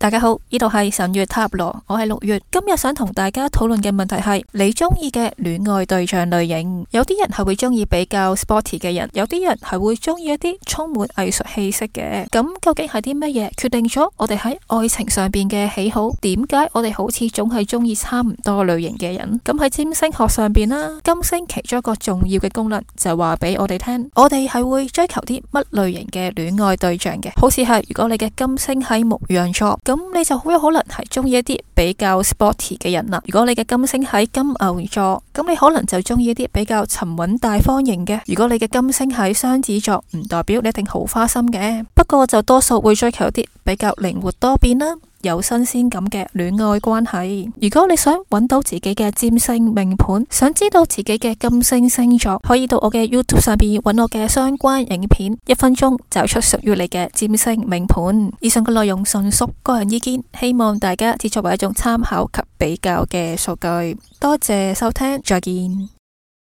大家好，呢度係晨月塔羅，我係六月，今日想同大家討論嘅問題係，你中意嘅戀愛對象類型，有啲人係會中意比較 sporty 嘅人，有啲人係會中意一啲充滿藝術氣息嘅，咁究竟係啲乜嘢決定咗我哋喺愛情上邊嘅喜好？點解我哋好似總係中意差唔多類型嘅人？咁喺占星學上邊啦，金星其中一個重要嘅功能就話俾我哋聽，我哋係會追求啲乜類型嘅戀愛對象嘅，好似係如果你嘅金星喺牧羊座。咁你就好有可能係鍾意一啲比較 sporty 嘅人啦。如果你嘅金星喺金牛座，咁你可能就鍾意一啲比較沉穩大方型嘅。如果你嘅金星喺雙子座，唔代表你一定好花心嘅。不過就多數會追求一啲。比較靈活多變啦，有新鮮感嘅戀愛關係。如果你想揾到自己嘅占星命盤，想知道自己嘅金星星座，可以到我嘅 YouTube 上邊揾我嘅相關影片，一分鐘找出屬於你嘅占星命盤。以上嘅內容純屬個人意見，希望大家只作為一種參考及比較嘅數據。多謝收聽，再見。